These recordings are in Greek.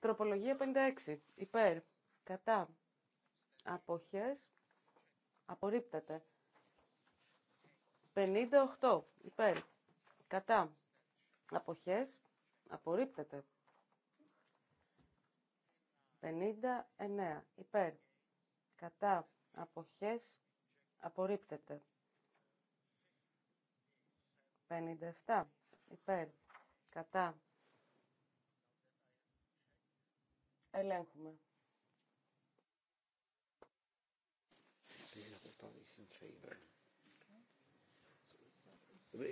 Τροπολογία 56. Υπέρ. Κατά. Αποχές. Απορρίπτεται. 58. Υπέρ. Κατά. Αποχές. Απορρίπτεται. 59. Υπέρ. Κατά. Αποχές. Απορρίπτεται. 57. Υπέρ. Κατά. Ελέγχουμε.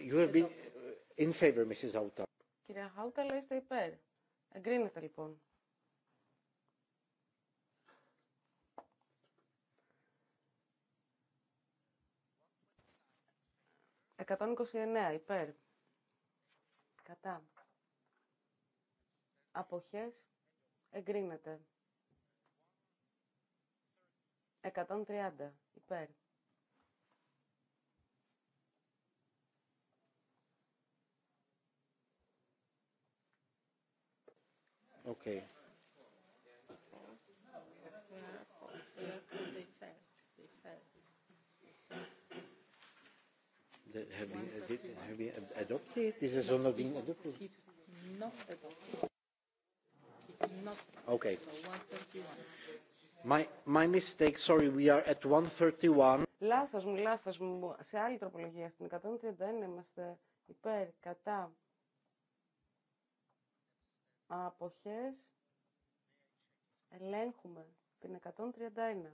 You have been in favor, Mrs. Auta. Κυρία Χάουτα, είστε υπέρ. Εγκρίνεται λοιπόν. Εκατόν υπέρ κατά αποχές εγκρίνεται. 130 υπέρ. Okay. have been, have been adopted? This has no, not been adopted? Not adopted. Not okay. My, my mistake, sorry, we are at 131. Λάθος μου, λάθος μου. Σε άλλη τροπολογία, στην 131 είμαστε υπέρ, κατά, αποχές, ελέγχουμε την 131.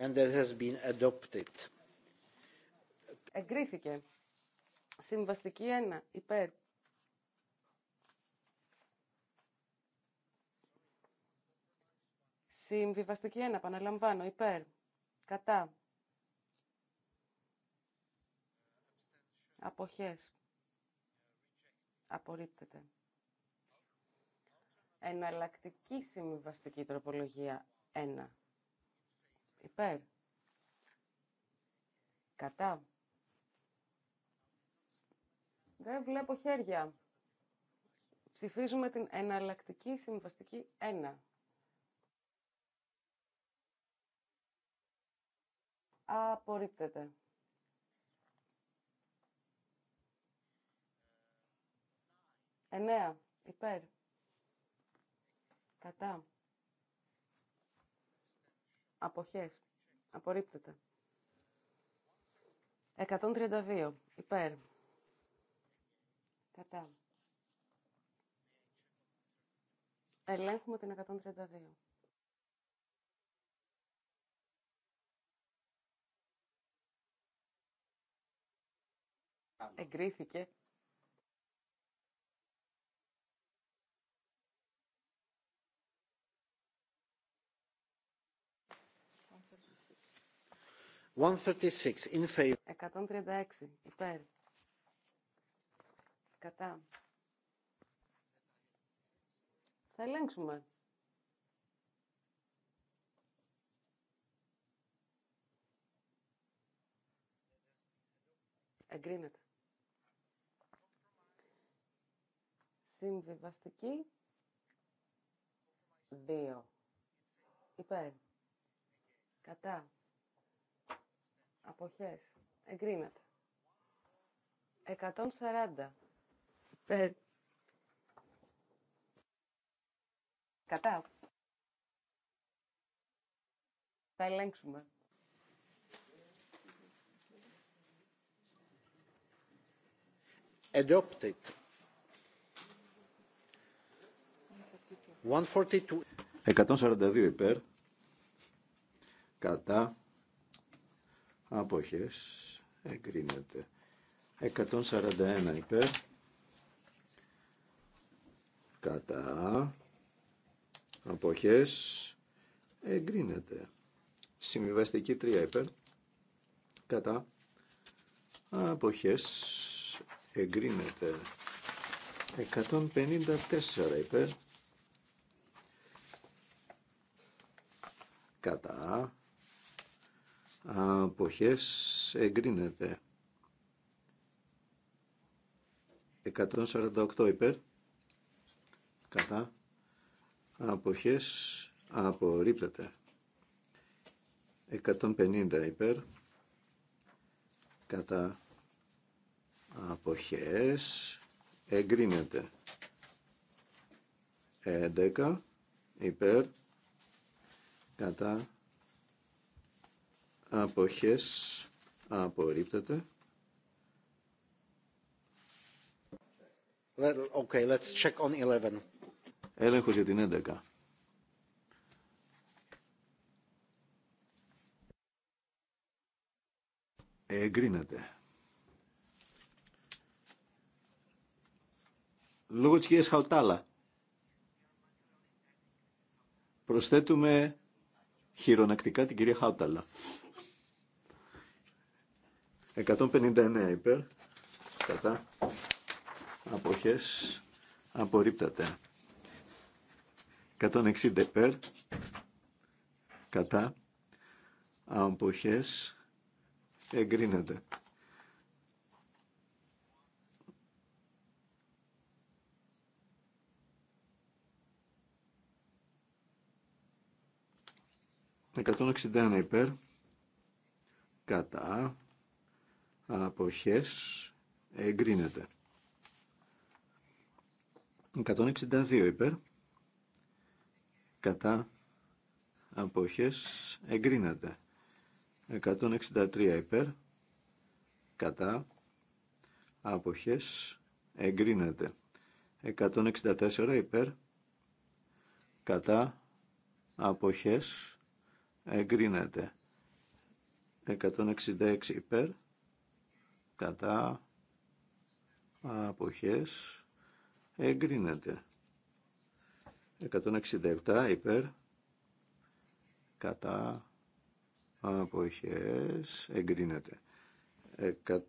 and that has been adopted. Εγκρίθηκε. Συμβαστική 1. Υπέρ. Συμβιβαστική 1. Παναλαμβάνω. Υπέρ. Κατά. Αποχές. Απορρίπτεται. Εναλλακτική συμβιβαστική τροπολογία 1. Υπέρ. Κατά. Δεν βλέπω χέρια. Ψηφίζουμε την εναλλακτική συμβαστική 1. Απορρίπτεται. Εννέα. Υπέρ. Κατά. Αποχές. Απορρίπτεται. 132. Υπέρ. Κατά. Ελέγχουμε την 132. Εγκρίθηκε. 136 in favor. 136 υπέρ. Κατά. Θα ελέγξουμε. Εγκρίνεται. Συμβιβαστική. 2. Υπέρ. Κατά. Αποχές. Εγκρίνεται. 140. Περ. Κατά. Θα ελέγξουμε. Adopted. 142. 142 υπέρ. Κατά αποχές εγκρίνεται 141 υπέρ κατά αποχές εγκρίνεται συμβιβαστική 3 υπέρ κατά αποχές εγκρίνεται 154 υπέρ κατά αποχές εγκρίνεται 148 υπέρ κατά αποχές απορρίπτεται 150 υπέρ κατά αποχές εγκρίνεται 11 υπέρ κατά αποχές απορρίπτεται. Okay, let's check on 11. Έλεγχος για την 11. Εγκρίνεται. Λόγω της κυρίας Χαουτάλα. Προσθέτουμε χειρονακτικά την κυρία Χάουταλα. 159 υπέρ, κατά, αποχές, απορρίπταται. 160 υπέρ, κατά, αποχές, εγκρίνεται. 161 υπέρ κατά αποχές εγκρίνεται. 162 υπέρ κατά αποχές εγκρίνεται. 163 υπέρ κατά αποχές εγκρίνεται. 164 υπέρ κατά αποχές εγκρίνεται. 166 υπέρ κατά αποχές εγκρίνεται 167 υπέρ κατά αποχές εγκρίνεται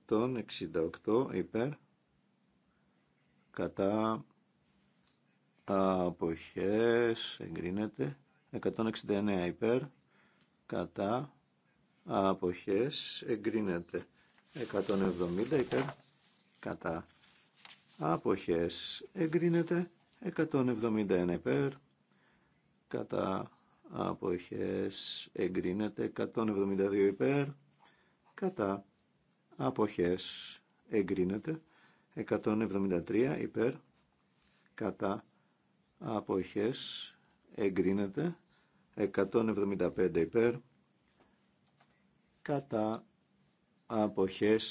168 υπέρ κατά αποχές εγκρίνεται 169 υπέρ κατά αποχές εγκρίνεται 170 υπέρ κατά αποχές εγκρίνεται 171 υπέρ κατά αποχές εγκρίνεται 172 υπέρ κατά αποχές εγκρίνεται 173 υπέρ κατά αποχές εγκρίνεται 175 υπέρ κατά αποχές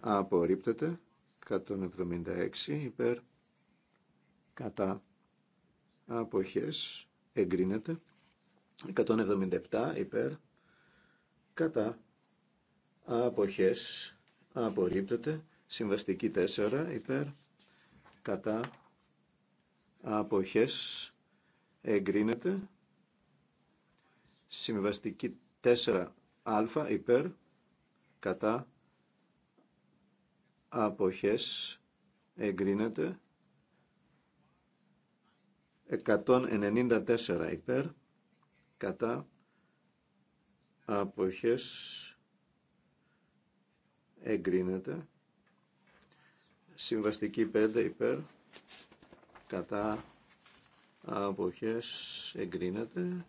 απορρίπτεται 176 υπέρ κατά αποχές εγκρίνεται 177 υπέρ κατά αποχές απορρίπτεται συμβαστική 4 υπέρ κατά αποχές εγκρίνεται συμβαστική 4α υπέρ κατά αποχές εγκρίνεται 194 υπέρ κατά αποχές εγκρίνεται συμβαστική 5 υπέρ κατά αποχές εγκρίνεται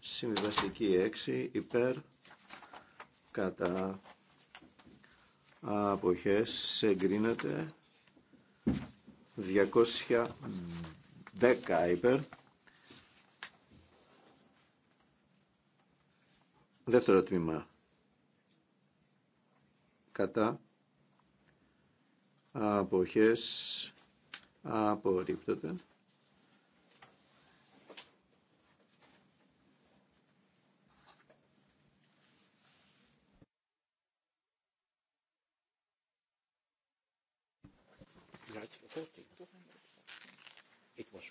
συμβαστική 6 υπέρ κατά αποχές εγκρίνεται 210 υπέρ δεύτερο τμήμα κατά αποχές απορρίπτονται 214.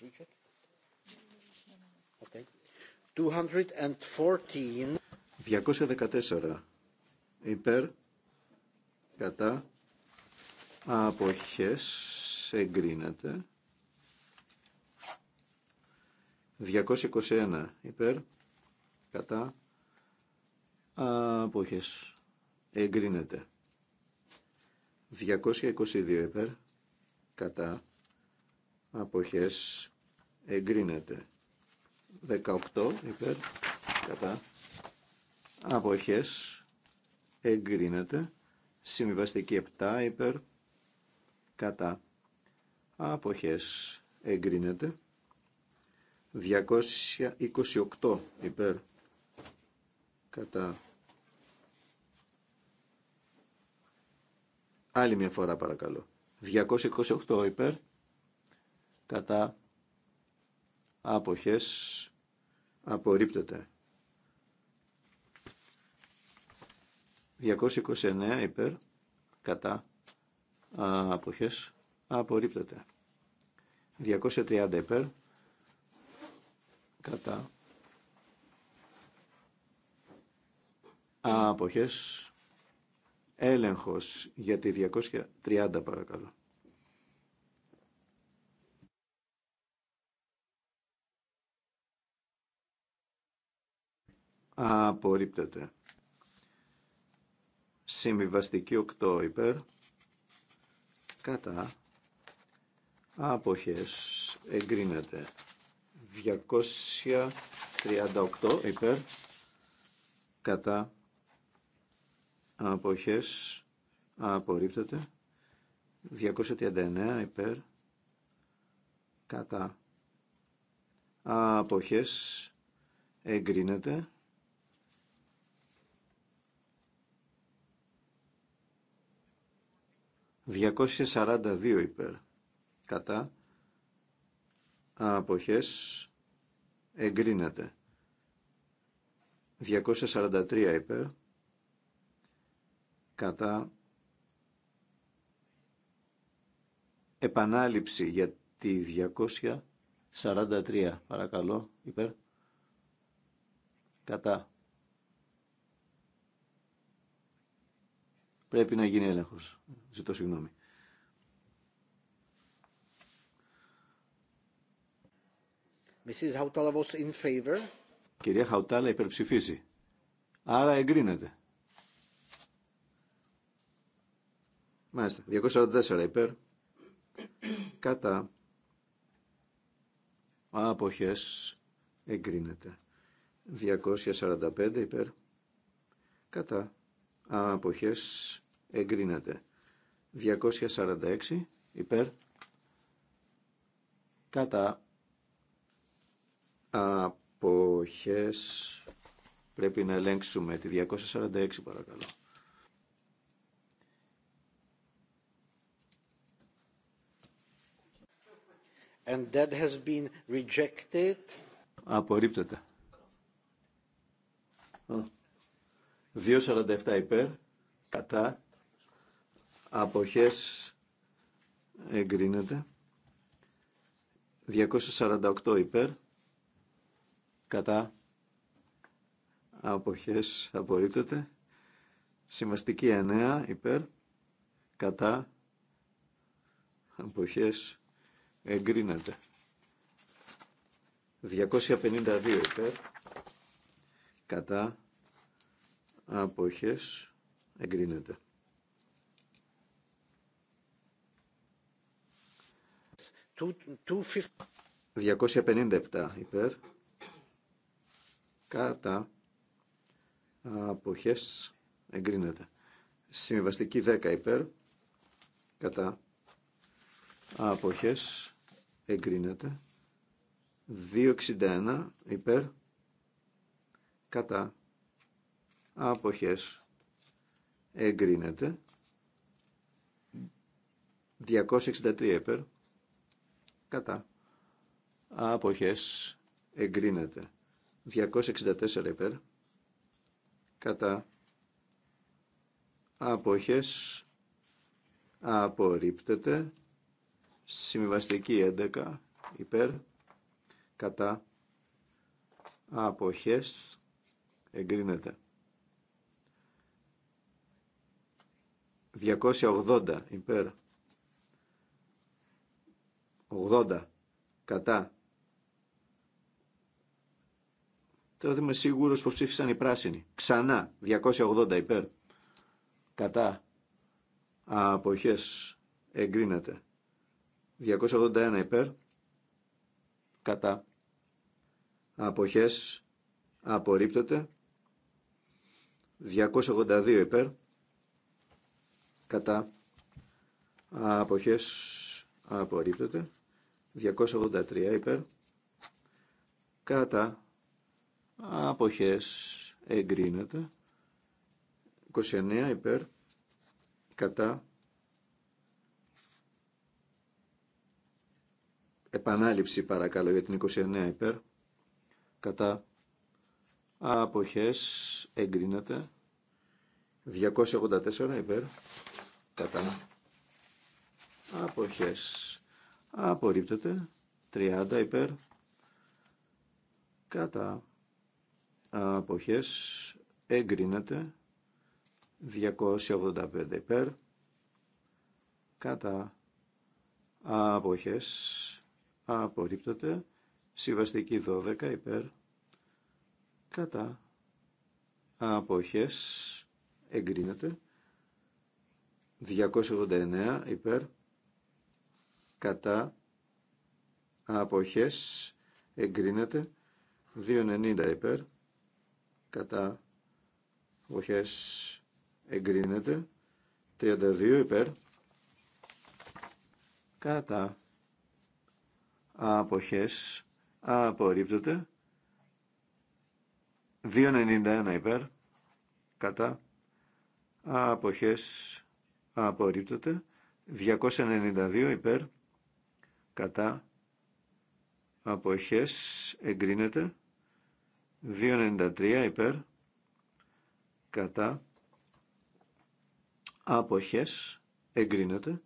214 υπέρ κατά αποχές εγκρίνεται 221 υπέρ κατά αποχές εγκρίνεται 222 υπέρ κατά αποχές εγκρίνεται 18 υπέρ κατά αποχές εγκρίνεται συμβιβαστική 7 υπέρ κατά αποχές εγκρίνεται 228 υπέρ κατά άλλη μια φορά παρακαλώ 228 υπέρ κατά άποχες απορρίπτεται. 229 υπέρ κατά άποχες απορρίπτεται. 230 υπέρ κατά άποχες έλεγχος για τη 230 παρακαλώ. απορρίπτεται. Συμβιβαστική 8 υπέρ, κατά, άποχες, εγκρίνεται. 238 υπέρ, κατά, αποχές, απορρίπτεται. 239 υπέρ, κατά, αποχές, εγκρίνεται. 242 υπέρ κατά αποχές εγκρίνεται 243 υπέρ κατά επανάληψη για τη 243 παρακαλώ υπέρ κατά Πρέπει να γίνει έλεγχος. Ζητώ συγγνώμη. Κυρία Χαουτάλα υπερψηφίζει. Άρα εγκρίνεται. Μάλιστα. 244 υπέρ. Κατά. Άποχες εγκρίνεται. 245 υπέρ. Κατά. Άποχες εγκρίνεται. 246 υπέρ κατά αποχές πρέπει να ελέγξουμε τη 246 παρακαλώ. And that has been rejected. Απορρίπτεται. 2.47 υπέρ, κατά, αποχές εγκρίνεται 248 υπέρ κατά αποχές απορρίπτεται σημαστική 9 υπέρ κατά αποχές εγκρίνεται 252 υπέρ κατά αποχές εγκρίνεται 257 υπέρ κατά αποχές εγκρίνεται. Συμβαστική 10 υπέρ κατά αποχές εγκρίνεται. 261 υπέρ κατά αποχές εγκρίνεται. 263 υπέρ κατά αποχές εγκρίνεται 264 υπέρ κατά αποχές απορρίπτεται συμβαστική 11 υπέρ κατά αποχές εγκρίνεται 280 υπέρ 80 κατά. Τώρα είμαι σίγουρος πως ψήφισαν οι πράσινοι. Ξανά 280 υπέρ κατά αποχές εγκρίνεται. 281 υπέρ κατά αποχές απορρίπτεται. 282 υπέρ κατά αποχές απορρίπτεται 283 υπέρ κατά αποχές εγκρίνεται 29 υπέρ κατά επανάληψη παρακαλώ για την 29 υπέρ κατά αποχές εγκρίνεται 284 υπέρ κατά αποχές απορρίπτεται 30 υπέρ κατά αποχές εγκρίνεται 285 υπέρ κατά αποχές απορρίπτεται συμβαστική 12 υπέρ κατά αποχές εγκρίνεται 289 υπέρ κατά αποχές εγκρίνεται 2,90 υπέρ κατά αποχές εγκρίνεται 32 υπέρ κατά αποχές απορρίπτεται 2,91 υπέρ κατά αποχές απορρίπτεται 292 υπέρ κατά αποχές εγκρίνεται 2.93 υπέρ κατά αποχές εγκρίνεται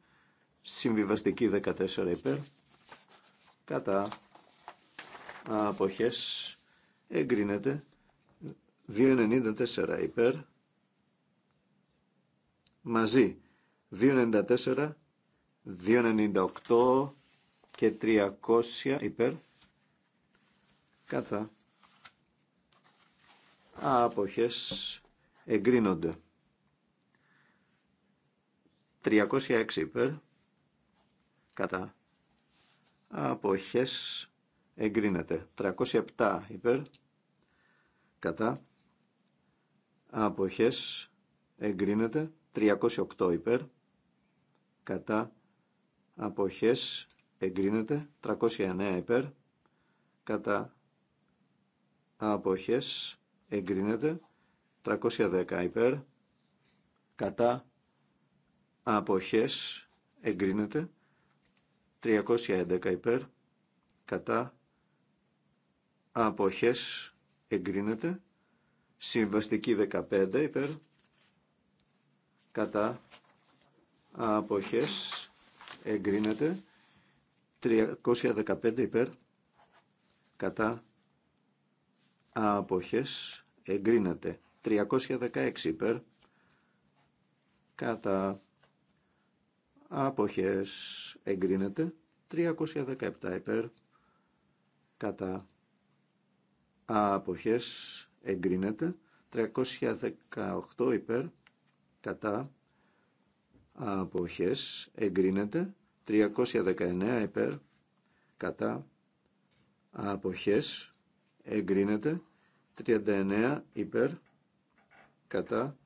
συμβιβαστική 14 υπέρ κατά αποχές εγκρίνεται 2.94 υπέρ μαζί 2.94 2.98 και 300 υπέρ κατά άποχες εγκρίνονται 306 υπέρ κατά άποχες εγκρίνεται 307 υπέρ κατά άποχες εγκρίνεται 308 υπέρ κατά αποχές εγκρίνεται 309 υπέρ κατά αποχές εγκρίνεται 310 υπέρ κατά αποχές εγκρίνεται 311 υπέρ κατά αποχές εγκρίνεται συμβαστική 15 υπέρ κατά αποχές εγκρίνεται 315 υπέρ κατά αποχές εγκρίνεται 316 υπέρ κατά αποχές εγκρίνεται 317 υπέρ κατά αποχές εγκρίνεται 318 υπέρ κατά αποχές εγκρίνεται 319 υπέρ κατά αποχές εγκρίνεται 39 υπέρ κατά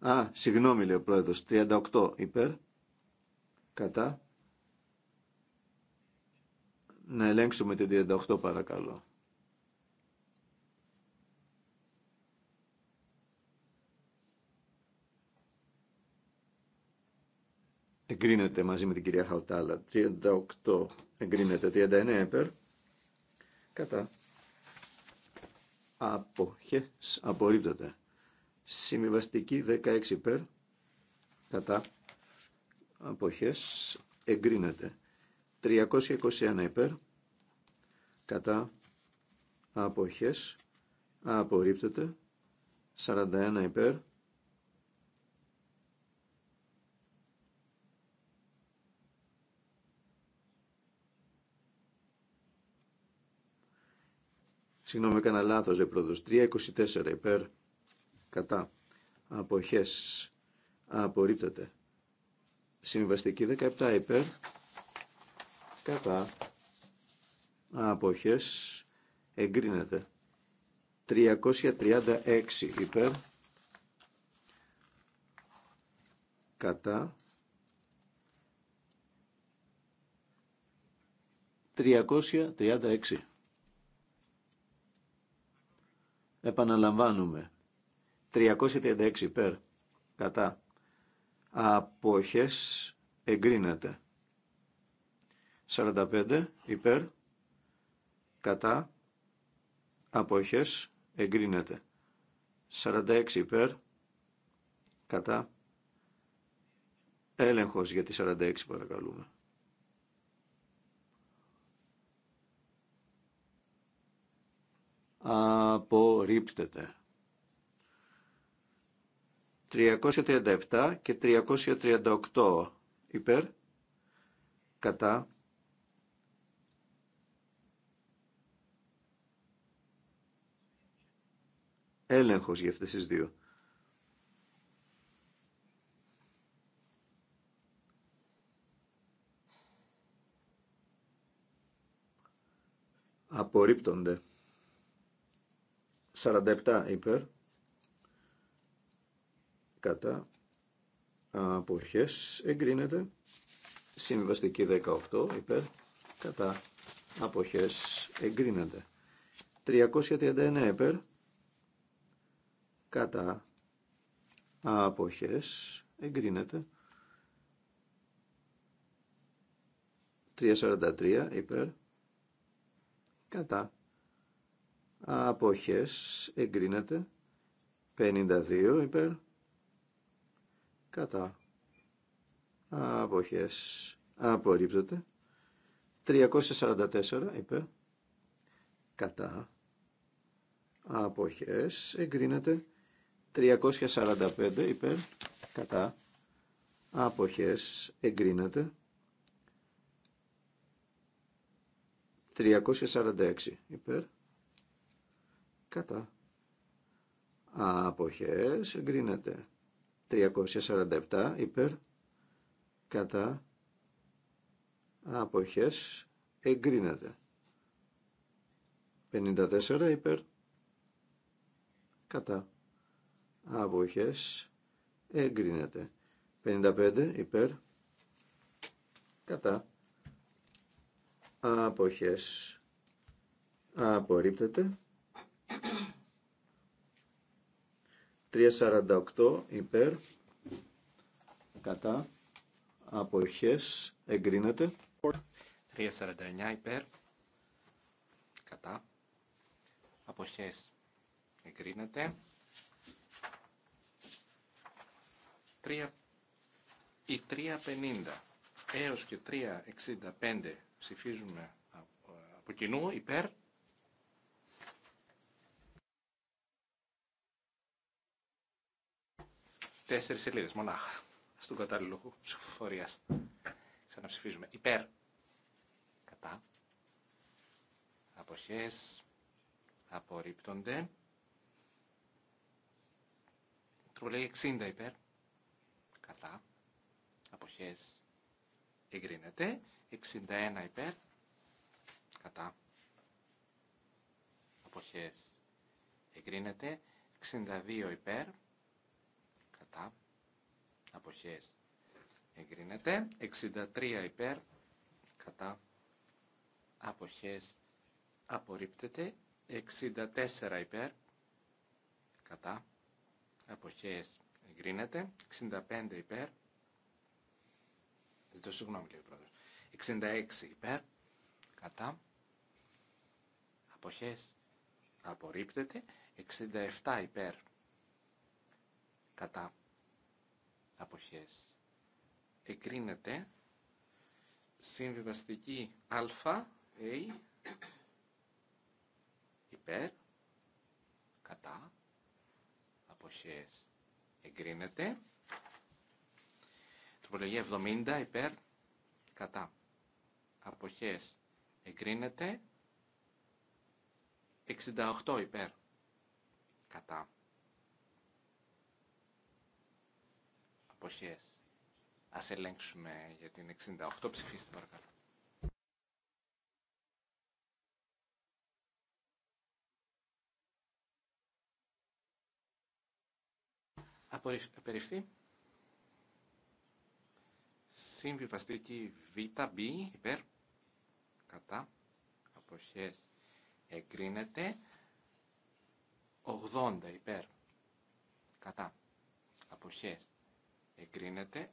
α, συγγνώμη λέει ο πρόεδρος 38 υπέρ κατά να ελέγξουμε την 38 παρακαλώ εγκρίνεται μαζί με την κυρία Χαουτάλα. 38 εγκρίνεται, 39 υπέρ. Κατά. Αποχές απορρίπτεται. Συμβιβαστική 16 υπέρ. Κατά. Αποχές εγκρίνεται. 321 υπέρ. Κατά. Αποχές απορρίπτεται. 41 υπέρ Συγγνώμη, έκανα λάθο, Ζεπρόδο. 324 υπέρ κατά αποχέ απορρίπτεται. Συμβαστική 17 υπέρ κατά αποχέ εγκρίνεται. 336 υπέρ κατά 336 επαναλαμβάνουμε. 336 υπέρ κατά απόχες εγκρίνεται. 45 υπέρ κατά απόχες εγκρίνεται. 46 υπέρ κατά έλεγχος για τη 46 παρακαλούμε. απορρίπτεται. 337 και 338 υπέρ, κατά, έλεγχος για αυτές τις δύο. Απορρίπτονται. 47 υπέρ κατά αποχές εγκρίνεται συμβαστική 18 υπέρ κατά αποχές εγκρίνεται 339 υπέρ κατά αποχές εγκρίνεται 343 υπέρ κατά αποχές εγκρίνεται 52 υπέρ κατά αποχές απορρίπτεται 344 υπέρ κατά αποχές εγκρίνεται 345 υπέρ κατά αποχές εγκρίνεται 346 υπέρ κατά αποχές εγκρίνεται 347 υπέρ κατά αποχές εγκρίνεται 54 υπέρ κατά αποχές εγκρίνεται 55 υπέρ κατά αποχές απορρίπτεται 348 υπέρ κατά αποχές εγκρίνεται 349 υπέρ κατά αποχές εγκρίνεται 3 ή 350 έως και 365 ψηφίζουμε από κοινού υπέρ τέσσερι σελίδε μονάχα στον κατάλληλο ψηφοφορία. Ξαναψηφίζουμε. Υπέρ. Κατά. Αποχέ. Απορρίπτονται. λέει 60 υπέρ. Κατά. Αποχέ. Εγκρίνεται. 61 υπέρ. Κατά. Αποχέ, Εγκρίνεται. 62 υπέρ. Αποχέ. αποχές εγκρίνεται 63 υπέρ κατά αποχές απορρίπτεται 64 υπέρ κατά αποχές εγκρίνεται 65 υπέρ ζητώ συγγνώμη κύριε πρόεδρε. 66 υπέρ κατά αποχές απορρίπτεται 67 υπέρ κατά αποχές εγκρίνεται συμβιβαστική α, α ε, υπέρ κατά αποχές εγκρίνεται τροπολογία 70 υπέρ κατά αποχές εγκρίνεται 68 υπέρ κατά αποχές. Ας ελέγξουμε για την 68. Ψηφίστε παρακαλώ. Απεριφθεί. Συμβιβαστική ΒΒ υπέρ κατά αποχές εγκρίνεται 80 υπέρ κατά αποχές εγκρίνεται.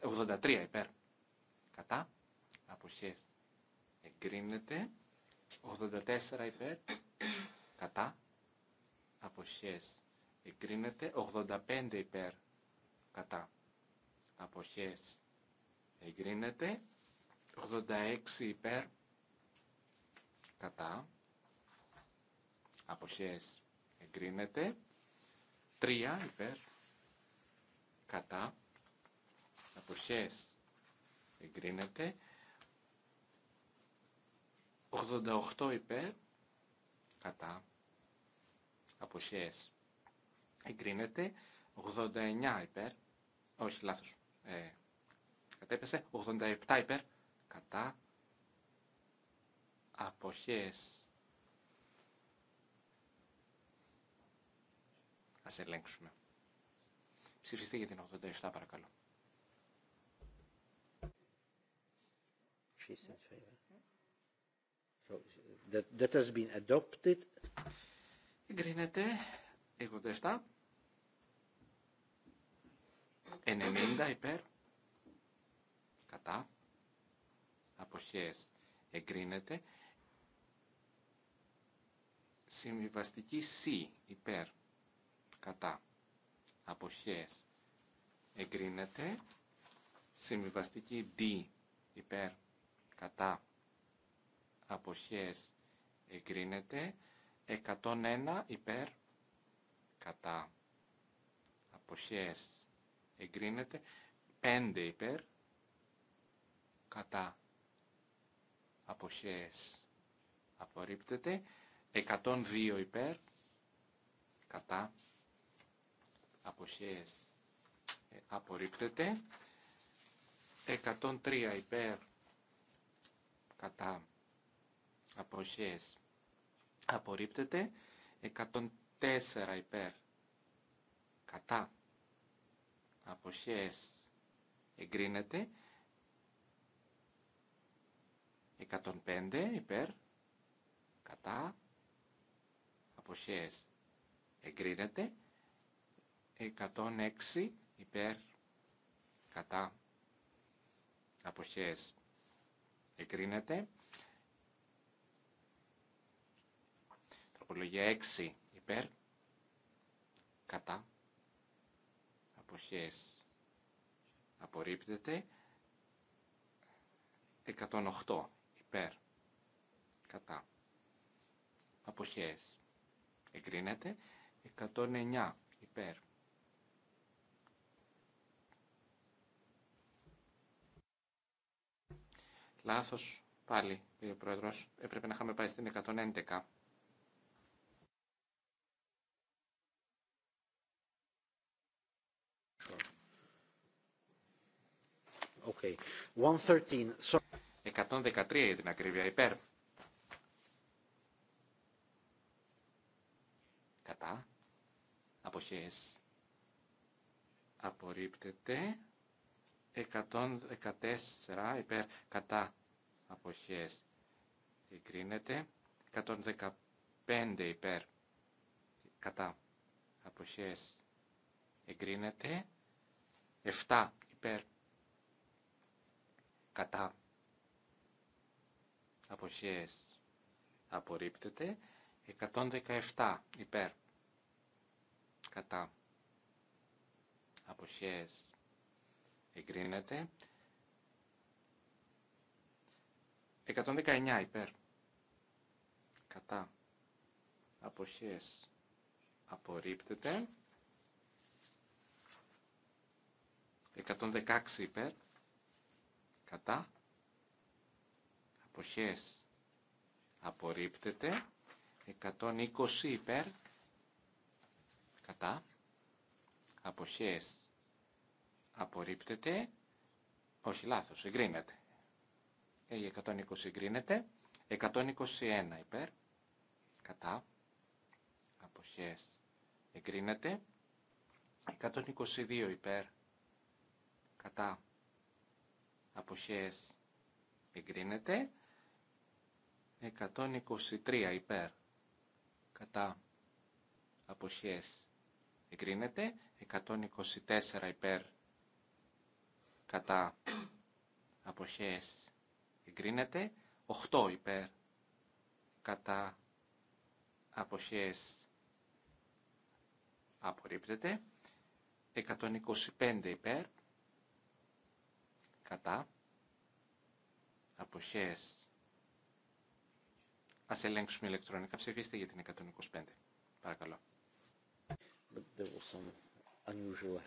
83 υπέρ. Κατά. Αποχές. Εγκρίνεται. 84 υπέρ. Κατά. Αποχές. Εγκρίνεται. 85 υπέρ. Κατά. Αποχές. Εγκρίνεται. 86 υπέρ κατά αποχές εγκρίνεται 3 υπέρ κατά αποχές εγκρίνεται 88 υπέρ κατά αποχές εγκρίνεται 89 υπέρ όχι λάθος ε, κατέπεσε 87 υπέρ κατά αποχές. Ας ελέγξουμε. Ψηφιστεί για την 87 παρακαλώ. That, Εγκρίνεται 87, 90 υπέρ, κατά, αποχές εγκρίνεται, Συμβιβαστική C υπέρ κατά αποχές εγκρίνεται. Συμβιβαστική D υπέρ κατά αποχές εγκρίνεται. 101 υπέρ κατά αποχές εγκρίνεται. 5 υπέρ κατά αποχές απορρίπτεται. 102 ε, υπέρ, κατά, αποχές απορρίπτεται. 103 υπέρ, κατά, αποχές απορρίπτεται. 104 υπέρ, κατά, αποχές εγκρίνεται. 105 υπέρ, κατά, εποχές εγκρίνεται 106 υπέρ κατά αποχές εγκρίνεται τροπολογία 6 υπέρ κατά αποχές απορρίπτεται 108 υπέρ κατά αποχές εγκρίνεται. 109 υπέρ. Λάθος πάλι, κύριε ο Πρόεδρος. Έπρεπε να είχαμε πάει στην 111. Okay. 113. So... 113 για την ακρίβεια υπέρ. κατά, αποχές, απορρίπτεται, 114 υπέρ κατά αποχές εγκρίνεται, 115 υπέρ κατά αποχές εγκρίνεται, 7 υπέρ κατά αποχές απορρίπτεται, 117 υπέρ κατά αποχές εγκρίνεται 119 υπέρ κατά αποχές απορρίπτεται 116 υπέρ κατά αποχές απορρίπτεται 120 υπέρ κατά αποχές απορρίπτεται όχι λάθος, εγκρίνεται ε, η 120 εγκρίνεται 121 υπέρ κατά αποχές εγκρίνεται 122 υπέρ κατά αποχές εγκρίνεται 123 υπέρ κατά αποχές εγκρίνεται, 124 υπέρ κατά αποχές εγκρίνεται, 8 υπέρ κατά αποχές απορρίπτεται, 125 υπέρ κατά αποχές Ας ελέγξουμε ηλεκτρονικά. Ψηφίστε για την 125. Παρακαλώ but there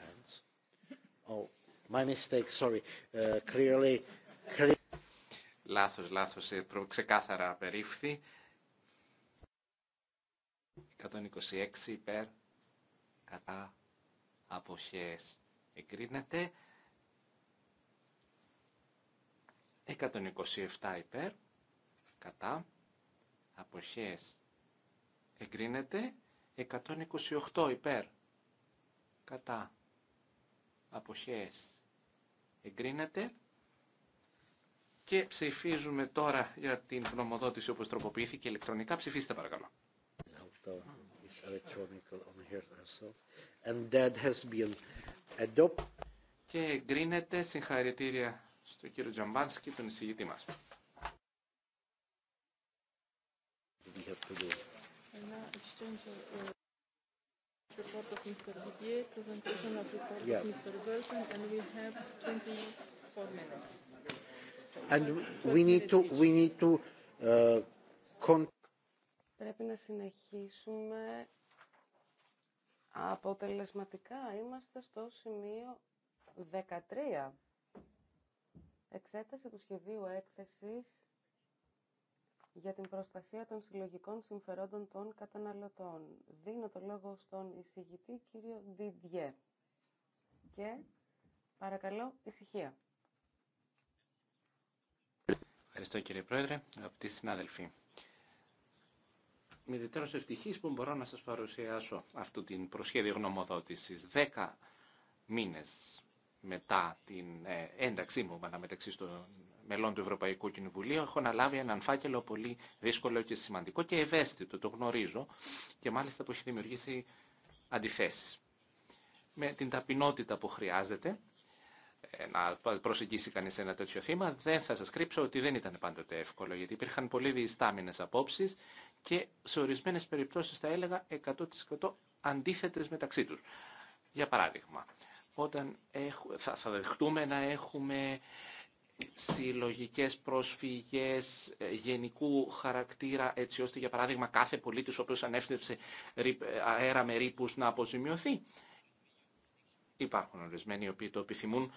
Λάθος, λάθος, ε, ξεκάθαρα απερίφθη. 126 υπέρ, κατά, αποχές, εγκρίνεται. 127 υπέρ, κατά, αποχές, εγκρίνεται. 128 υπέρ. Κατά. Αποχές. Εγκρίνεται. Και ψηφίζουμε τώρα για την γνωμοδότηση όπως τροποποιήθηκε ηλεκτρονικά. Ψηφίστε παρακαλώ. Και εγκρίνεται συγχαρητήρια στον κύριο Τζαμπάνσκι, τον εισηγητή μας. Πρέπει να συνεχίσουμε αποτελεσματικά. Είμαστε στο σημείο 13. Εξέταση του σχεδίου έκθεσης για την προστασία των συλλογικών συμφερόντων των καταναλωτών. Δίνω το λόγο στον εισηγητή κύριο Διδιέ. Και παρακαλώ ησυχία. Ευχαριστώ κύριε Πρόεδρε, αγαπητοί συνάδελφοι. Με ιδιαίτερο ευτυχή που μπορώ να σα παρουσιάσω αυτό την προσχέδιο γνωμοδότηση. Δέκα μήνε μετά την ε, ένταξή μου μεταξύ των μελών του Ευρωπαϊκού Κοινοβουλίου, έχω αναλάβει έναν φάκελο πολύ δύσκολο και σημαντικό και ευαίσθητο, το γνωρίζω και μάλιστα που έχει δημιουργήσει αντιθέσει. Με την ταπεινότητα που χρειάζεται ε, να προσεγγίσει κανεί ένα τέτοιο θύμα, δεν θα σα κρύψω ότι δεν ήταν πάντοτε εύκολο, γιατί υπήρχαν πολύ διστάμινε απόψει και σε ορισμένε περιπτώσει, θα έλεγα 100% αντίθετε μεταξύ του. Για παράδειγμα, όταν θα δεχτούμε να έχουμε συλλογικές προσφυγές ε, γενικού χαρακτήρα έτσι ώστε για παράδειγμα κάθε πολίτης ο οποίος ανέφτεψε ε, αέρα με ρήπους να αποζημιωθεί. Υπάρχουν ορισμένοι οι οποίοι το επιθυμούν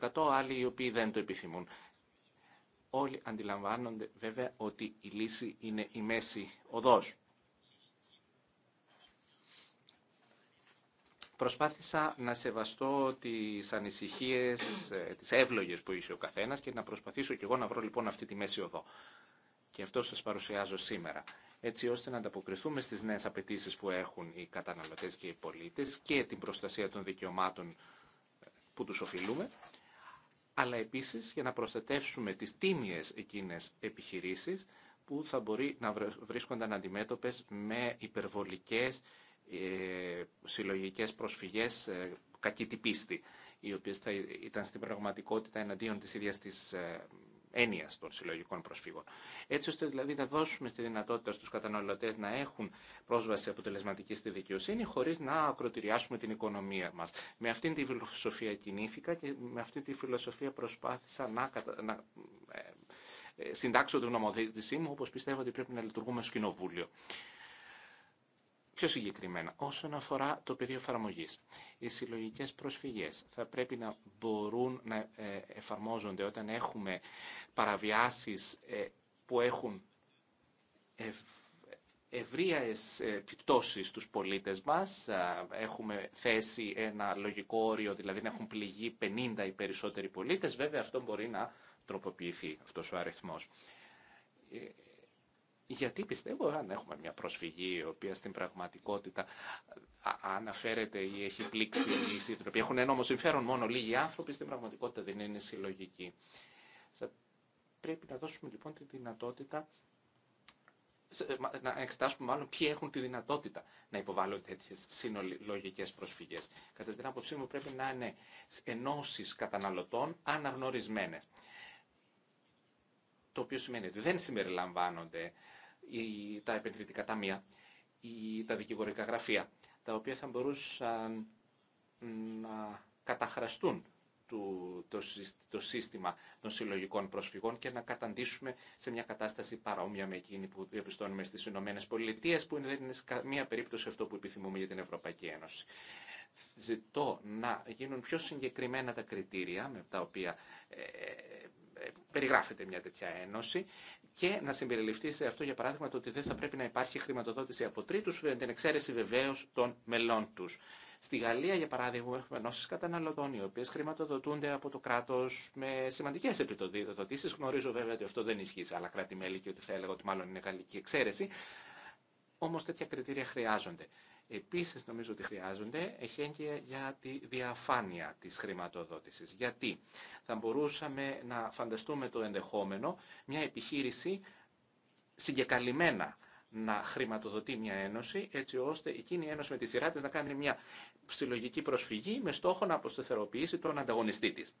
100% άλλοι οι οποίοι δεν το επιθυμούν. Όλοι αντιλαμβάνονται βέβαια ότι η λύση είναι η μέση οδός. Προσπάθησα να σεβαστώ τις ανησυχίες, ε, τις εύλογες που είχε ο καθένας και να προσπαθήσω και εγώ να βρω λοιπόν αυτή τη μέση οδό. Και αυτό σας παρουσιάζω σήμερα, έτσι ώστε να ανταποκριθούμε στις νέες απαιτήσει που έχουν οι καταναλωτές και οι πολίτες και την προστασία των δικαιωμάτων ε, που τους οφείλουμε, αλλά επίσης για να προστατεύσουμε τις τίμιες εκείνες επιχειρήσεις που θα μπορεί να βρίσκονταν αντιμέτωπες με υπερβολικές ε, συλλογικές προσφυγές ε, κακή την πίστη, οι οποίε ε, ήταν στην πραγματικότητα εναντίον της ίδιας της έννοια των συλλογικών προσφύγων. Έτσι ώστε δηλαδή να δώσουμε τη δυνατότητα στου καταναλωτέ να έχουν πρόσβαση αποτελεσματική στη δικαιοσύνη χωρί να ακροτηριάσουμε την οικονομία μα. Με αυτή τη φιλοσοφία κινήθηκα και με αυτή τη φιλοσοφία προσπάθησα να, να συντάξω την γνωμοδίτησή μου όπως πιστεύω ότι πρέπει να λειτουργούμε στο κοινοβούλιο. Πιο συγκεκριμένα, όσον αφορά το πεδίο εφαρμογή, οι συλλογικέ προσφυγέ θα πρέπει να μπορούν να ε, εφαρμόζονται όταν έχουμε παραβιάσει ε, που έχουν ευρείε επιπτώσει στου πολίτε μας. Έχουμε θέσει ένα λογικό όριο, δηλαδή να έχουν πληγεί 50 ή περισσότεροι πολίτες. Βέβαια αυτό μπορεί να τροποποιηθεί αυτό ο αριθμό. Ε, γιατί πιστεύω αν έχουμε μια προσφυγή η οποία στην πραγματικότητα αναφέρεται ή έχει πλήξει ή συντροπή, έχουν ένα συμφέρον μόνο λίγοι άνθρωποι, στην πραγματικότητα δεν είναι συλλογική. Θα πρέπει να δώσουμε λοιπόν τη δυνατότητα να εξετάσουμε μάλλον ποιοι έχουν τη δυνατότητα να υποβάλουν τέτοιε συνολογικέ προσφυγέ. Κατά την άποψή μου, πρέπει να είναι ενώσει καταναλωτών αναγνωρισμένε το οποίο σημαίνει ότι δεν συμπεριλαμβάνονται τα επενδυτικά ταμεία ή τα δικηγορικά γραφεία, τα οποία θα μπορούσαν να καταχραστούν το, το σύστημα των συλλογικών προσφυγών και να καταντήσουμε σε μια κατάσταση παρόμοια με εκείνη που διαπιστώνουμε στις Ηνωμένε Πολιτείε, που δεν είναι σε καμία περίπτωση αυτό που επιθυμούμε για την Ευρωπαϊκή Ένωση. Ζητώ να γίνουν πιο συγκεκριμένα τα κριτήρια με τα οποία ε, περιγράφεται μια τέτοια ένωση και να συμπεριληφθεί σε αυτό για παράδειγμα το ότι δεν θα πρέπει να υπάρχει χρηματοδότηση από τρίτους με την εξαίρεση βεβαίως των μελών τους. Στη Γαλλία, για παράδειγμα, έχουμε ενώσει καταναλωτών οι οποίε χρηματοδοτούνται από το κράτο με σημαντικέ επιδοτήσεις. Γνωρίζω βέβαια ότι αυτό δεν ισχύει σε άλλα κράτη-μέλη και ότι θα έλεγα ότι μάλλον είναι γαλλική εξαίρεση. Όμω τέτοια κριτήρια χρειάζονται επίσης νομίζω ότι χρειάζονται εχέγγυα για τη διαφάνεια της χρηματοδότησης. Γιατί θα μπορούσαμε να φανταστούμε το ενδεχόμενο μια επιχείρηση συγκεκαλυμμένα να χρηματοδοτεί μια ένωση, έτσι ώστε εκείνη η ένωση με τη σειρά της να κάνει μια συλλογική προσφυγή με στόχο να αποστεθεροποιήσει τον ανταγωνιστή της.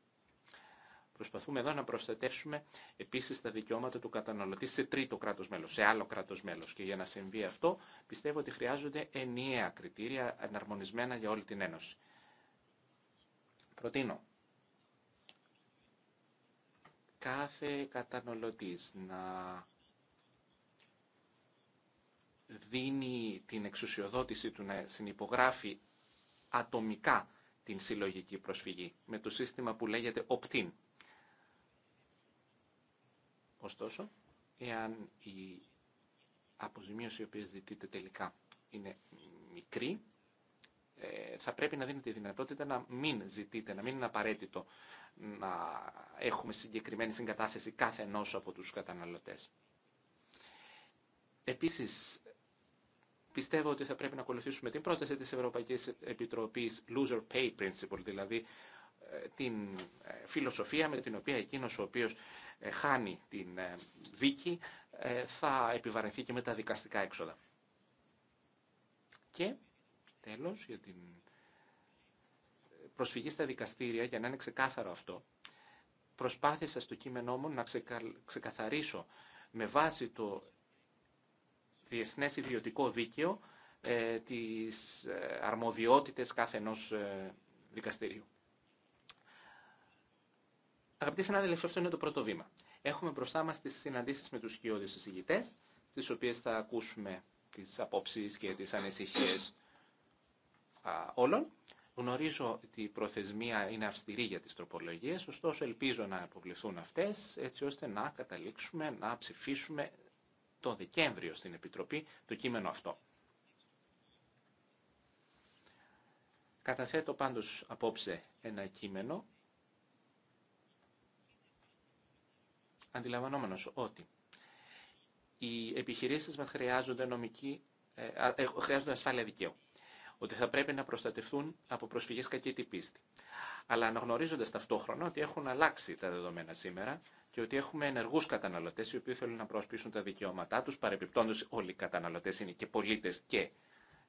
Προσπαθούμε εδώ να προστατεύσουμε επίσης τα δικαιώματα του καταναλωτή σε τρίτο κράτος μέλος, σε άλλο κράτος μέλος. Και για να συμβεί αυτό πιστεύω ότι χρειάζονται ενιαία κριτήρια εναρμονισμένα για όλη την Ένωση. Προτείνω κάθε καταναλωτής να δίνει την εξουσιοδότηση του να συνυπογράφει ατομικά την συλλογική προσφυγή με το σύστημα που λέγεται opt-in, Ωστόσο, εάν η αποζημίωση η οποία ζητείται τελικά είναι μικρή, ε, θα πρέπει να δίνεται η δυνατότητα να μην ζητείτε, να μην είναι απαραίτητο να έχουμε συγκεκριμένη συγκατάθεση κάθε ενός από τους καταναλωτές. Επίσης, πιστεύω ότι θα πρέπει να ακολουθήσουμε την πρόταση της Ευρωπαϊκής Επιτροπής Loser Pay Principle, δηλαδή την ε, φιλοσοφία με την οποία εκείνος ο οποίος ε, χάνει την ε, δίκη θα επιβαρυνθεί και με τα δικαστικά έξοδα. Και τέλος για την προσφυγή στα δικαστήρια, για να είναι ξεκάθαρο αυτό, προσπάθησα στο κείμενό μου να ξεκαθαρίσω με βάση το διεθνές ιδιωτικό δίκαιο τις αρμοδιότητες κάθε ενός δικαστηρίου. Αγαπητοί συνάδελφοι, αυτό είναι το πρώτο βήμα. Έχουμε μπροστά μα τι συναντήσει με του σκιώδει εισηγητέ, τι οποίε θα ακούσουμε τι απόψει και τι ανησυχίε όλων. Γνωρίζω ότι η προθεσμία είναι αυστηρή για τις τροπολογίες, ωστόσο ελπίζω να αποβληθούν αυτές, έτσι ώστε να καταλήξουμε, να ψηφίσουμε το Δεκέμβριο στην Επιτροπή το κείμενο αυτό. Καταθέτω πάντως απόψε ένα κείμενο Αντιλαμβανόμενο ότι οι επιχειρήσεις μας χρειάζονται, νομική, ε, ε, χρειάζονται ασφάλεια δικαίου. Ότι θα πρέπει να προστατευτούν από προσφυγέ κακή τυπίστη. πίστη. Αλλά αναγνωρίζοντα ταυτόχρονα ότι έχουν αλλάξει τα δεδομένα σήμερα και ότι έχουμε ενεργούς καταναλωτές οι οποίοι θέλουν να προσπίσουν τα δικαιώματά του, παρεπιπτόντω όλοι οι καταναλωτέ είναι και πολίτε και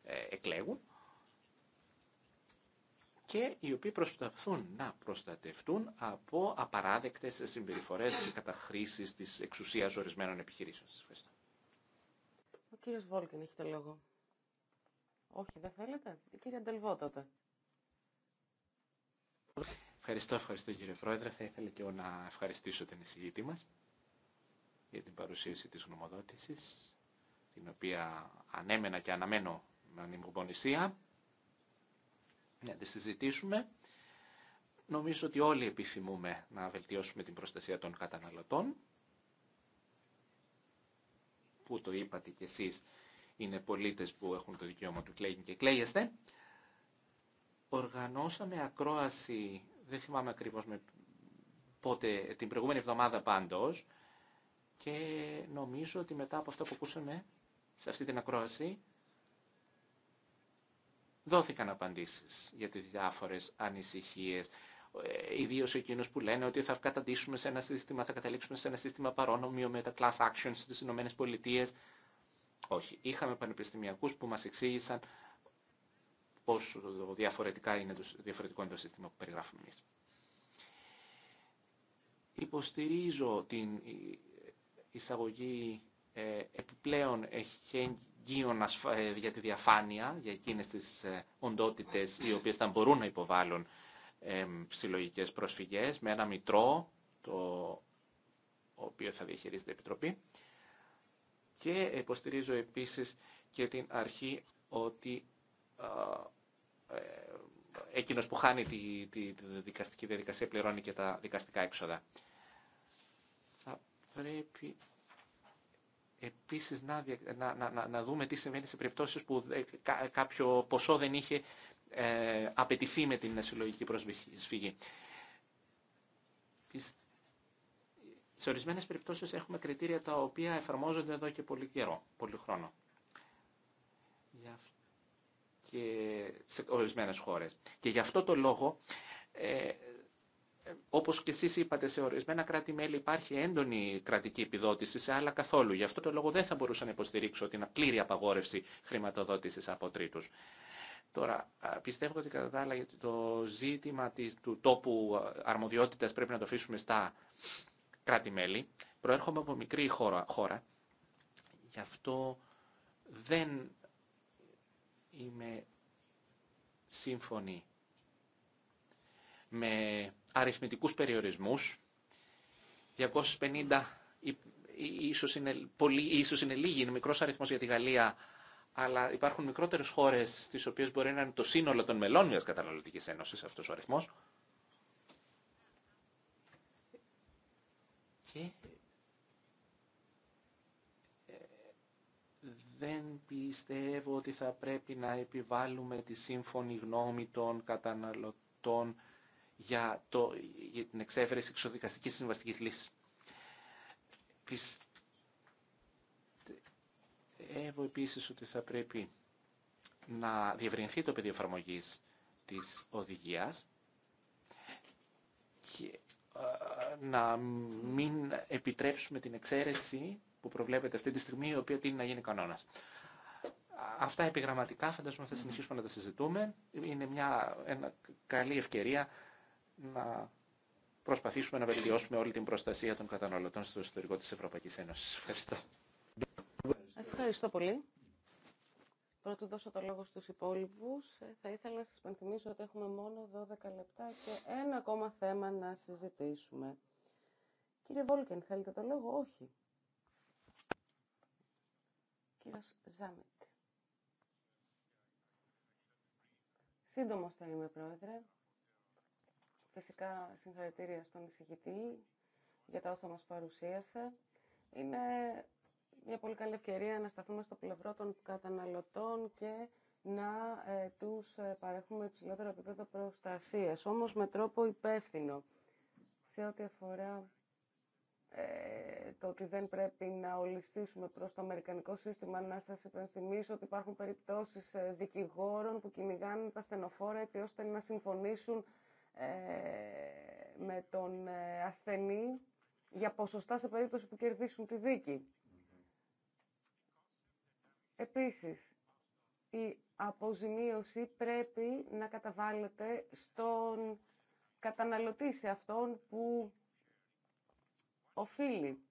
ε, εκλέγουν, και οι οποίοι προσπαθούν να προστατευτούν από απαράδεκτες συμπεριφορές και καταχρήσεις της εξουσίας ορισμένων επιχειρήσεων. Σας ευχαριστώ. Ο κύριος Βόλκιν έχει το λόγο. Όχι, δεν θέλετε. Η κυρία Ντελβό τότε. Ευχαριστώ, ευχαριστώ κύριε Πρόεδρε. Θα ήθελα και εγώ να ευχαριστήσω την εισηγήτη μας για την παρουσίαση της γνωμοδότησης, την οποία ανέμενα και αναμένω με ανυπομονησία. Ναι, να τη συζητήσουμε. Νομίζω ότι όλοι επιθυμούμε να βελτιώσουμε την προστασία των καταναλωτών, που το είπατε κι εσείς, είναι πολίτες που έχουν το δικαίωμα του κλαίγιν και κλαίγεστε. Οργανώσαμε ακρόαση, δεν θυμάμαι ακριβώς με πότε, την προηγούμενη εβδομάδα πάντως, και νομίζω ότι μετά από αυτό που ακούσαμε σε αυτή την ακρόαση, δόθηκαν απαντήσεις για τις διάφορες ανησυχίες, ε, ιδίω εκείνου που λένε ότι θα καταντήσουμε σε ένα σύστημα, θα καταλήξουμε σε ένα σύστημα παρόνομιο με τα class actions στις ΗΠΑ. Όχι. Είχαμε πανεπιστημιακούς που μας εξήγησαν πόσο διαφορετικά είναι το, διαφορετικό είναι το σύστημα που περιγράφουμε εμεί. Υποστηρίζω την ε, εισαγωγή ε, επιπλέον έχει εγγύων ε, για τη διαφάνεια για εκείνες τις ε, οντότητες οι οποίες θα μπορούν να υποβάλουν συλλογικές προσφυγές με ένα μητρό το οποίο θα διαχειρίζεται η Επιτροπή και υποστηρίζω επίσης και την αρχή ότι εκείνος που χάνει τη, τη, δικαστική διαδικασία πληρώνει και τα δικαστικά έξοδα. Θα πρέπει Επίσης να, να, να, να δούμε τι συμβαίνει σε περιπτώσεις που ε, κάποιο ποσό δεν είχε ε, απαιτηθεί με την συλλογική προσφυγή. Σε ορισμένε περιπτώσεις έχουμε κριτήρια τα οποία εφαρμόζονται εδώ και πολύ καιρό, πολύ χρόνο. Και σε ορισμένες χώρες. Και γι' αυτό το λόγο ε, όπως και εσείς είπατε, σε ορισμένα κράτη-μέλη υπάρχει έντονη κρατική επιδότηση, σε άλλα καθόλου. Γι' αυτό το λόγο δεν θα μπορούσα να υποστηρίξω την πλήρη απαγόρευση χρηματοδότησης από τρίτους. Τώρα, πιστεύω ότι κατά τα άλλα το ζήτημα της, του τόπου αρμοδιότητα πρέπει να το αφήσουμε στα κράτη-μέλη. Προέρχομαι από μικρή χώρα, χώρα. Γι' αυτό δεν είμαι σύμφωνη με αριθμητικούς περιορισμούς. 250 ίσως είναι, πολύ, ίσως είναι λίγοι, είναι μικρός αριθμός για τη Γαλλία, αλλά υπάρχουν μικρότερες χώρες στις οποίες μπορεί να είναι το σύνολο των μελών μιας καταναλωτικής ένωσης αυτός ο αριθμός. Και ε, δεν πιστεύω ότι θα πρέπει να επιβάλλουμε τη σύμφωνη γνώμη των καταναλωτών για, το, για την εξέβρεση εξοδικαστικής συμβαστικής λύση. Πιστεύω επίσης ότι θα πρέπει να διευρυνθεί το πεδίο εφαρμογή της οδηγίας και να μην επιτρέψουμε την εξαίρεση που προβλέπεται αυτή τη στιγμή, η οποία τίνει να γίνει κανόνας. Αυτά επιγραμματικά φαντάζομαι θα συνεχίσουμε να τα συζητούμε. Είναι μια καλή ευκαιρία να προσπαθήσουμε να βελτιώσουμε όλη την προστασία των καταναλωτών στο ιστορικό της Ευρωπαϊκής Ένωσης. Ευχαριστώ. Ευχαριστώ πολύ. Πρώτου δώσω το λόγο στους υπόλοιπους. Ε, θα ήθελα να σας πενθυμίσω ότι έχουμε μόνο 12 λεπτά και ένα ακόμα θέμα να συζητήσουμε. Κύριε Βόλκεν, θέλετε το λόγο? Όχι. Κύριος Ζάμετ. Σύντομος θα είμαι, Πρόεδρε. Φυσικά συγχαρητήρια στον εισηγητή για τα όσα μας παρουσίασε. Είναι μια πολύ καλή ευκαιρία να σταθούμε στο πλευρό των καταναλωτών και να ε, τους ε, παρέχουμε υψηλότερο επίπεδο προστασίας, όμως με τρόπο υπεύθυνο σε ό,τι αφορά ε, το ότι δεν πρέπει να ολιστήσουμε προς το αμερικανικό σύστημα. Να σας υπενθυμίσω ότι υπάρχουν περιπτώσεις ε, δικηγόρων που κυνηγάνε τα στενοφόρα έτσι ώστε να συμφωνήσουν ε, με τον ε, ασθενή για ποσοστά σε περίπτωση που κερδίσουν τη δίκη. Επίσης, η αποζημίωση πρέπει να καταβάλλεται στον καταναλωτή σε αυτόν που οφείλει.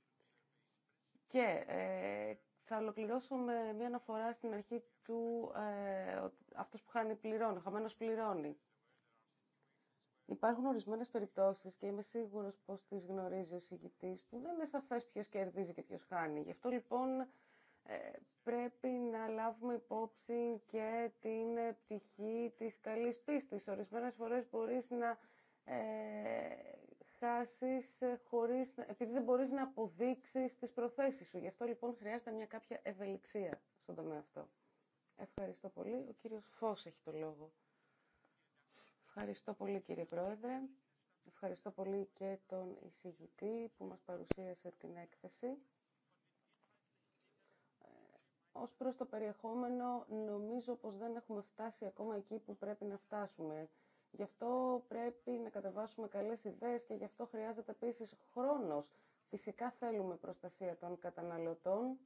Και ε, θα ολοκληρώσω με μια αναφορά στην αρχή του ε, «αυτός που χάνει πληρώνει», «χαμένος πληρώνει». Υπάρχουν ορισμένες περιπτώσεις και είμαι σίγουρος πως τις γνωρίζει ο συγκητής που δεν είναι σαφέ ποιος κερδίζει και ποιο χάνει. Γι' αυτό λοιπόν ε, πρέπει να λάβουμε υπόψη και την πτυχή της καλής πίστης. Ορισμένε φορές μπορεί να ε, χάσεις χωρίς, επειδή δεν μπορείς να αποδείξεις τις προθέσεις σου. Γι' αυτό λοιπόν χρειάζεται μια κάποια ευελιξία στον τομέα αυτό. Ευχαριστώ πολύ. Ο κύριος Φως έχει το λόγο. Ευχαριστώ πολύ κύριε Πρόεδρε. Ευχαριστώ πολύ και τον εισηγητή που μας παρουσίασε την έκθεση. Ε, ως προς το περιεχόμενο, νομίζω πως δεν έχουμε φτάσει ακόμα εκεί που πρέπει να φτάσουμε. Γι' αυτό πρέπει να κατεβάσουμε καλές ιδέες και γι' αυτό χρειάζεται επίσης χρόνος. Φυσικά θέλουμε προστασία των καταναλωτών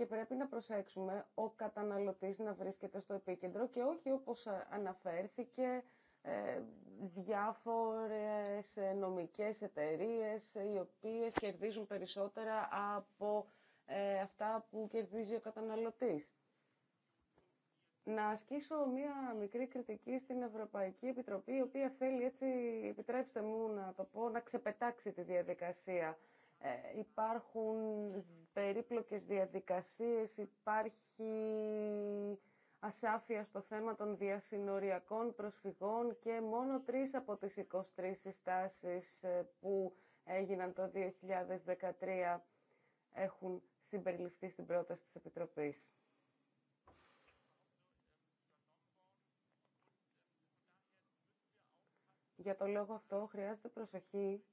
και πρέπει να προσέξουμε ο καταναλωτής να βρίσκεται στο επίκεντρο και όχι όπως ε, αναφέρθηκε ε, διάφορες ε, νομικές εταιρείες οι οποίες κερδίζουν περισσότερα από αυτά που κερδίζει ο καταναλωτής. Να ασκήσω μία μικρή κριτική στην Ευρωπαϊκή Επιτροπή, η οποία θέλει έτσι, επιτρέψτε μου να το πω, να ξεπετάξει τη διαδικασία. υπάρχουν περίπλοκες διαδικασίες, υπάρχει ασάφεια στο θέμα των διασυνοριακών προσφυγών και μόνο τρεις από τις 23 συστάσεις ε, που έγιναν το 2013 έχουν συμπεριληφθεί στην πρόταση της Επιτροπής. Για το λόγο αυτό χρειάζεται προσοχή,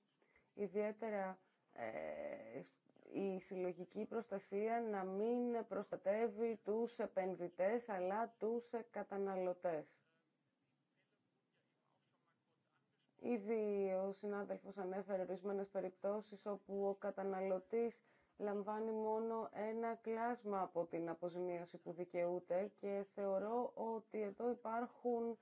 ιδιαίτερα ε, η συλλογική προστασία να μην προστατεύει τους επενδυτές αλλά τους καταναλωτές. Ήδη ο συνάδελφος ανέφερε ορισμένε περιπτώσεις όπου ο καταναλωτής λαμβάνει μόνο ένα κλάσμα από την αποζημίωση που δικαιούται και θεωρώ ότι εδώ υπάρχουν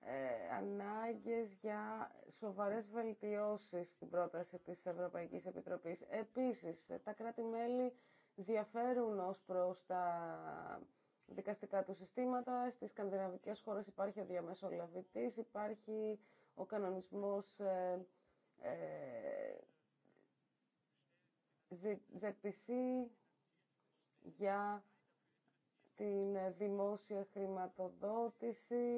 ε, ανάγκες για σοβαρές βελτιώσεις στην πρόταση της Ευρωπαϊκής Επιτροπής. Επίσης, τα κράτη-μέλη διαφέρουν ως προς τα δικαστικά του συστήματα. Στις σκανδιναβικές χώρες υπάρχει ο διαμεσολαβητής, υπάρχει ο κανονισμός ε, ZPC ε, για την δημόσια χρηματοδότηση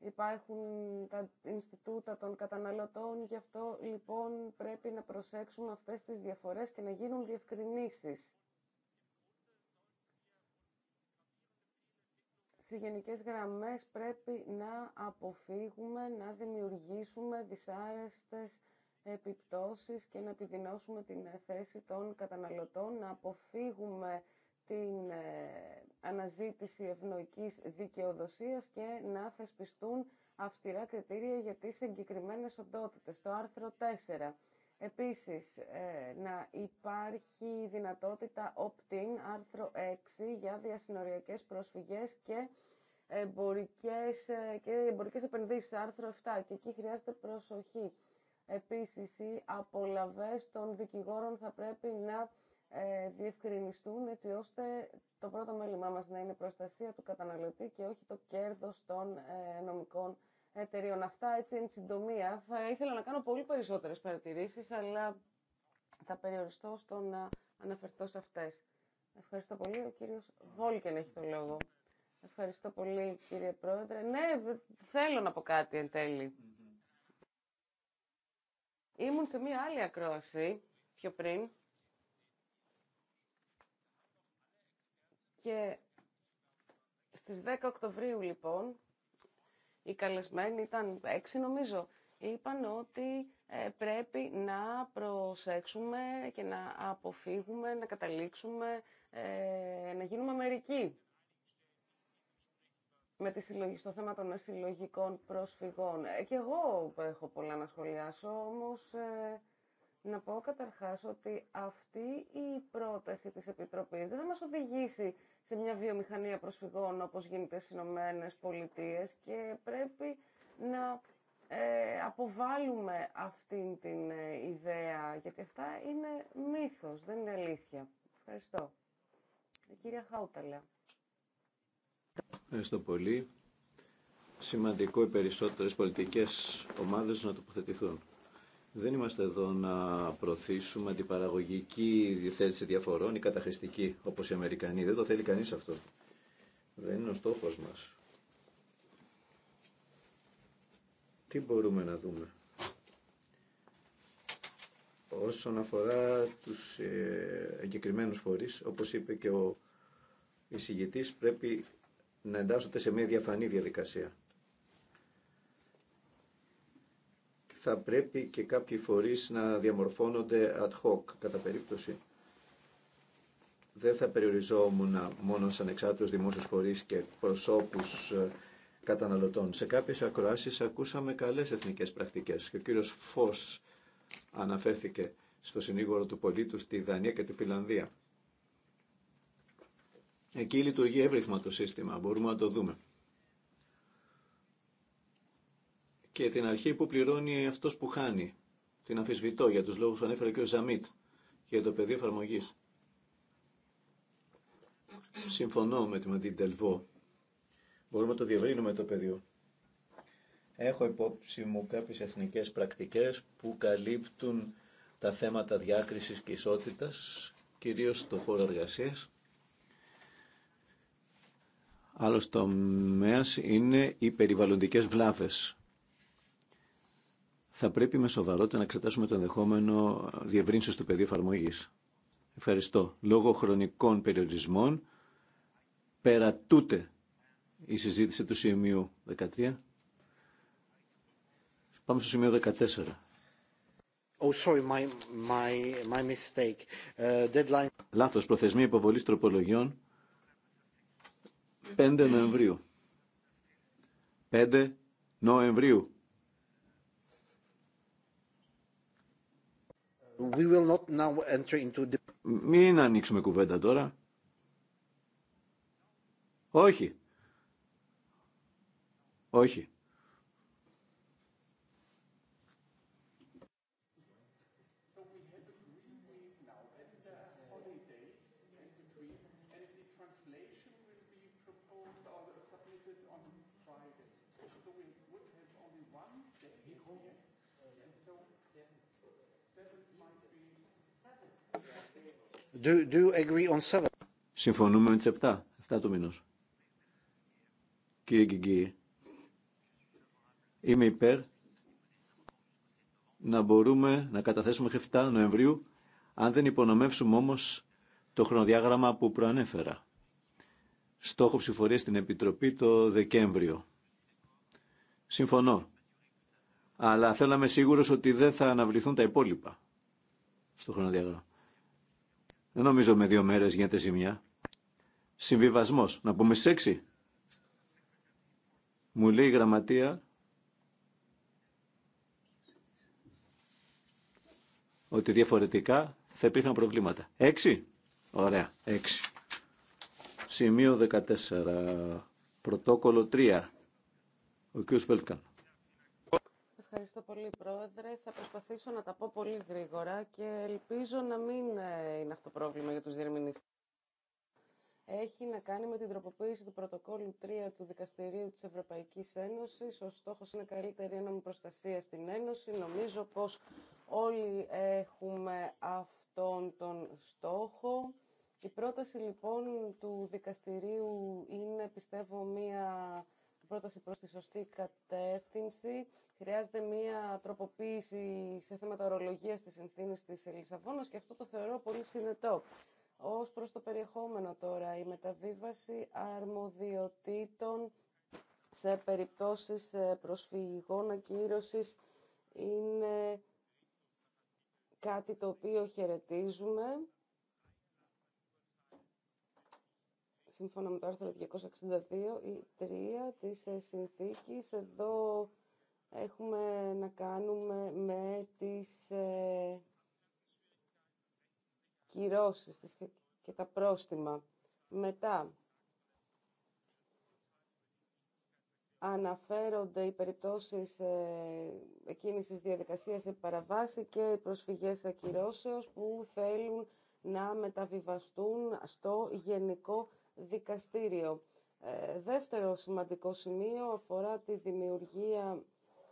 Υπάρχουν τα Ινστιτούτα των καταναλωτών, γι' αυτό λοιπόν πρέπει να προσέξουμε αυτές τις διαφορές και να γίνουν διευκρινήσεις. σε γενικές γραμμές πρέπει να αποφύγουμε, να δημιουργήσουμε δυσάρεστες επιπτώσεις και να επιδεινώσουμε την θέση των καταναλωτών, να αποφύγουμε την ε, αναζήτηση ευνοϊκής δικαιοδοσίας και να θεσπιστούν αυστηρά κριτήρια για τις εγκεκριμένες οντότητες. Το άρθρο 4. Επίσης, ε, να υπάρχει δυνατότητα opt-in, άρθρο 6, για διασυνοριακές προσφυγές και εμπορικές, ε, και εμπορικές επενδύσεις, άρθρο 7. Και εκεί χρειάζεται προσοχή. Επίσης, οι απολαβές των δικηγόρων θα πρέπει να ε, διευκρινιστούν έτσι ώστε το πρώτο μέλημά μας να είναι προστασία του καταναλωτή και όχι το κέρδος των ε, νομικών εταιρείων. Αυτά έτσι εν συντομία. Θα ήθελα να κάνω πολύ περισσότερες παρατηρήσεις, αλλά θα περιοριστώ στο να αναφερθώ σε αυτές. Ευχαριστώ πολύ. Ο κύριος Βόλκεν έχει το λόγο. Ευχαριστώ πολύ κύριε Πρόεδρε. Ναι, θέλω να πω κάτι εν τέλει. Ήμουν σε μία άλλη ακρόαση πιο πριν Και στις 10 Οκτωβρίου λοιπόν, οι καλεσμένοι ήταν έξι νομίζω, είπαν ότι ε, πρέπει να προσέξουμε και να αποφύγουμε, να καταλήξουμε, ε, να γίνουμε μερικοί με τη συλλογή, στο θέμα των συλλογικών προσφυγών. Ε, και εγώ έχω πολλά να σχολιάσω, όμως ε, να πω καταρχάς ότι αυτή η πρόταση της Επιτροπής δεν θα μας οδηγήσει σε μια βιομηχανία προσφυγών όπως γίνεται στι Ηνωμένε Πολιτείε και πρέπει να ε, αποβάλουμε αυτήν την ε, ιδέα, γιατί αυτά είναι μύθος, δεν είναι αλήθεια. Ευχαριστώ. Η κυρία Χάουταλα. Ευχαριστώ πολύ. Σημαντικό οι περισσότερες πολιτικές ομάδες να τοποθετηθούν. Δεν είμαστε εδώ να προωθήσουμε παραγωγική διευθέτηση διαφορών ή καταχρηστική όπως οι Αμερικανοί. Δεν το θέλει κανείς αυτό. Δεν είναι ο στόχος μας. Τι μπορούμε να δούμε. Όσον αφορά τους ε, εγκεκριμένου φορείς, όπως είπε και ο εισηγητής, πρέπει να εντάσσονται σε μια διαφανή διαδικασία. θα πρέπει και κάποιοι φορείς να διαμορφώνονται ad hoc κατά περίπτωση. Δεν θα περιοριζόμουν μόνο σαν ανεξάρτητους δημόσιους φορείς και προσώπους ε, καταναλωτών. Σε κάποιες ακροάσεις ακούσαμε καλές εθνικές πρακτικές και ο κύριος Φως αναφέρθηκε στο συνήγορο του πολίτου στη Δανία και τη Φιλανδία. Εκεί λειτουργεί εύρυθμα το σύστημα, μπορούμε να το δούμε. και την αρχή που πληρώνει αυτός που χάνει. Την αμφισβητώ για τους λόγους που ανέφερε και ο Ζαμίτ για το πεδίο εφαρμογή. Συμφωνώ με τη Μαντίν Τελβό. Μπορούμε να το διευρύνουμε το πεδίο. Έχω υπόψη μου κάποιες εθνικές πρακτικές που καλύπτουν τα θέματα διάκρισης και ισότητας, κυρίως στο χώρο εργασίας. Άλλος τομέας είναι οι περιβαλλοντικές βλάβες θα πρέπει με σοβαρότητα να εξετάσουμε το ενδεχόμενο διευρύνσεως του πεδίου εφαρμογή. Ευχαριστώ. Λόγω χρονικών περιορισμών περατούτε η συζήτηση του σημείου 13. Πάμε στο σημείο 14. Oh, sorry, my, my, my mistake. Uh, deadline... Λάθος, προθεσμία υποβολής τροπολογιών 5 Νοεμβρίου. 5 Νοεμβρίου. Μην ανοίξουμε κουβέντα τώρα. Όχι. Όχι. Do, do agree on Συμφωνούμε με τις 7, 7 του μηνός. Κύριε Γκυγγί, είμαι υπέρ να μπορούμε να καταθέσουμε μέχρι 7 Νοεμβρίου, αν δεν υπονομεύσουμε όμως το χρονοδιάγραμμα που προανέφερα. Στόχο ψηφορία στην Επιτροπή το Δεκέμβριο. Συμφωνώ. Αλλά θέλαμε να σίγουρος ότι δεν θα αναβληθούν τα υπόλοιπα στο χρονοδιάγραμμα. Δεν νομίζω με δύο μέρες γίνεται ζημιά. Συμβιβασμός. Να πούμε στις έξι. Μου λέει η γραμματεία ότι διαφορετικά θα υπήρχαν προβλήματα. Έξι. Ωραία. Έξι. Σημείο 14. Πρωτόκολλο 3. Ο κ. Σπέλκαν. Ευχαριστώ πολύ, Πρόεδρε. Θα προσπαθήσω να τα πω πολύ γρήγορα και ελπίζω να μην ε, είναι αυτό πρόβλημα για τους διερμηνείς. Έχει να κάνει με την τροποποίηση του πρωτοκόλλου 3 του Δικαστηρίου της Ευρωπαϊκής Ένωσης. Ο στόχος είναι καλύτερη ένωμη προστασία στην Ένωση. Νομίζω πως όλοι έχουμε αυτόν τον στόχο. Η πρόταση λοιπόν του Δικαστηρίου είναι, πιστεύω, μία πρόταση προς τη σωστή κατεύθυνση. Χρειάζεται μία τροποποίηση σε θέματα ορολογίας της συνθήκη της Λισαβόνας και αυτό το θεωρώ πολύ συνετό. Ως προς το περιεχόμενο τώρα, η μεταβίβαση αρμοδιοτήτων σε περιπτώσεις ε, προσφυγικών ακύρωσης είναι κάτι το οποίο χαιρετίζουμε σύμφωνα με το άρθρο 262 ή 3 της ε, συνθήκης. Εδώ έχουμε να κάνουμε με τις ε, κυρώσεις και τα πρόστιμα. Μετά αναφέρονται οι περιπτώσεις ε, της διαδικασίας σε παραβάση και οι προσφυγές ακυρώσεως που θέλουν να μεταβιβαστούν στο Γενικό δικαστήριο. Ε, δεύτερο σημαντικό σημείο αφορά τη δημιουργία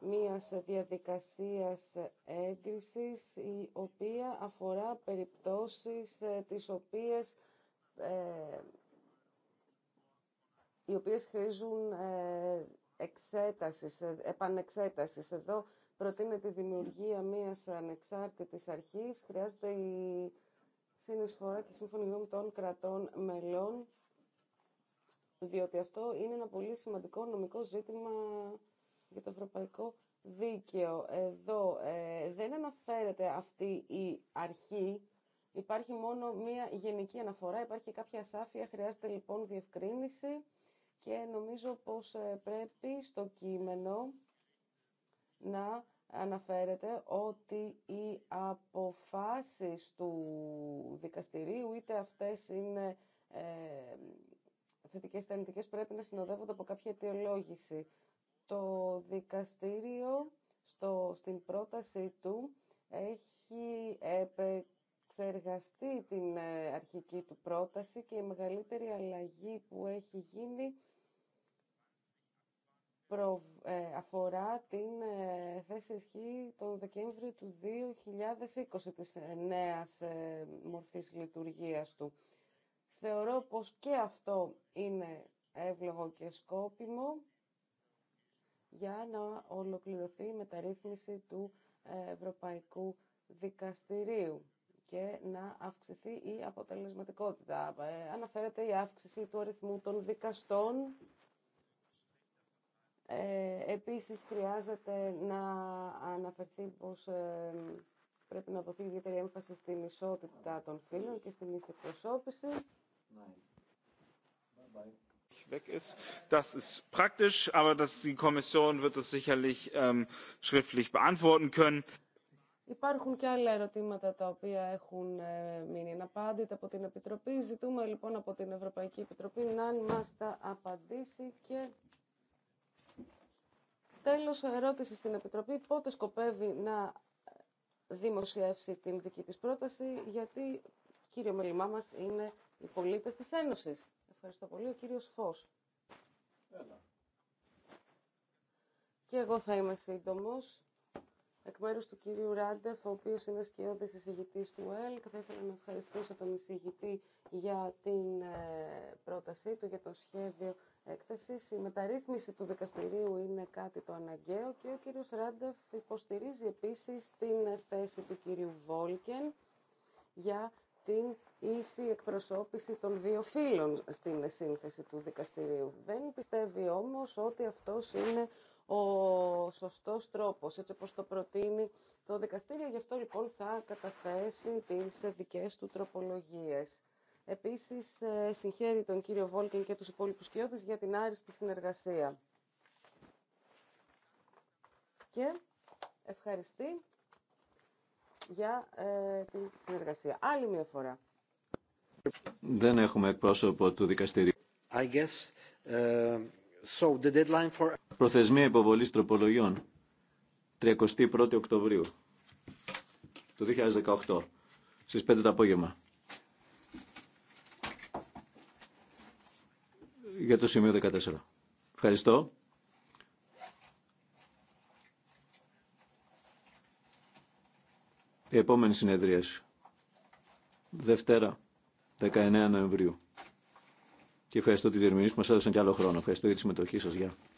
μίας διαδικασίας έγκρισης η οποία αφορά περιπτώσεις ε, τις οποίες ε, οι οποίες χρήζουν ε, εξέτασης, επανεξέτασης. Εδώ προτείνεται η δημιουργία μίας ανεξάρτητης αρχής. Χρειάζεται η συνεισφορά και σύμφωνη των κρατών μελών διότι αυτό είναι ένα πολύ σημαντικό νομικό ζήτημα για το ευρωπαϊκό δίκαιο. Εδώ ε, δεν αναφέρεται αυτή η αρχή, υπάρχει μόνο μία γενική αναφορά, υπάρχει κάποια ασάφεια, χρειάζεται λοιπόν διευκρίνηση και νομίζω πως ε, πρέπει στο κείμενο να αναφέρεται ότι οι αποφάσεις του δικαστηρίου, είτε αυτές είναι ε, θετικές τα αρνητικές πρέπει να συνοδεύονται από κάποια αιτιολόγηση. Το δικαστήριο στο, στην πρόταση του έχει επεξεργαστεί την ε, αρχική του πρόταση και η μεγαλύτερη αλλαγή που έχει γίνει ε, αφορά την ε, θέση ισχύ τον Δεκέμβριο του 2020 της νέας ε, μορφής λειτουργίας του. Θεωρώ πως και αυτό είναι εύλογο και σκόπιμο για να ολοκληρωθεί η μεταρρύθμιση του ε, Ευρωπαϊκού Δικαστηρίου και να αυξηθεί η αποτελεσματικότητα. Ε, αναφέρεται η αύξηση του αριθμού των δικαστών. Ε, επίσης, χρειάζεται να αναφερθεί πως ε, πρέπει να δοθεί ιδιαίτερη έμφαση στην ισότητα των φύλων και στην ίση ist. Das ist praktisch, aber die Kommission wird sicherlich ähm, schriftlich beantworten können. Υπάρχουν και άλλα ερωτήματα τα οποία έχουν ε, μείνει αναπάντητα από την Επιτροπή. Ζητούμε λοιπόν από την Ευρωπαϊκή Επιτροπή να μας τα απαντήσει και τέλος ερώτηση στην Επιτροπή πότε σκοπεύει να δημοσιεύσει την δική της πρόταση γιατί κύριο μέλημά μας είναι οι πολίτες της Ένωσης. Ευχαριστώ πολύ, ο κύριος Φως. Και εγώ θα είμαι σύντομο. Εκ μέρου του κυρίου Ράντεφ, ο οποίο είναι σκιώδη εισηγητή του ΕΛΚ, θα ήθελα να ευχαριστήσω τον εισηγητή για την ε, πρότασή του, για το σχέδιο έκθεση. Η μεταρρύθμιση του δικαστηρίου είναι κάτι το αναγκαίο και ο κύριο Ράντεφ υποστηρίζει επίση την θέση του κυρίου Βόλκεν για την ίση εκπροσώπηση των δύο φύλων στην σύνθεση του δικαστηρίου. Δεν πιστεύει όμως ότι αυτός είναι ο σωστός τρόπος, έτσι όπως το προτείνει το δικαστήριο. Γι' αυτό λοιπόν θα καταθέσει τις δικές του τροπολογίες. Επίσης, ε, συγχαίρει τον κύριο Βόλκεν και τους υπόλοιπους κοιότητες για την άριστη συνεργασία. Και ευχαριστεί για ε, τη συνεργασία. Άλλη μια φορά. Δεν έχουμε εκπρόσωπο του δικαστηρίου. I guess, ε, so the deadline for... Προθεσμία υποβολής τροπολογιών. 31 Οκτωβρίου του 2018 στις 5 το απόγευμα. Για το σημείο 14. Ευχαριστώ. επόμενη συνεδρίαση. Δευτέρα, 19 Νοεμβρίου. Και ευχαριστώ τη διερμηνή που μα έδωσαν και άλλο χρόνο. Ευχαριστώ για τη συμμετοχή σα. Γεια.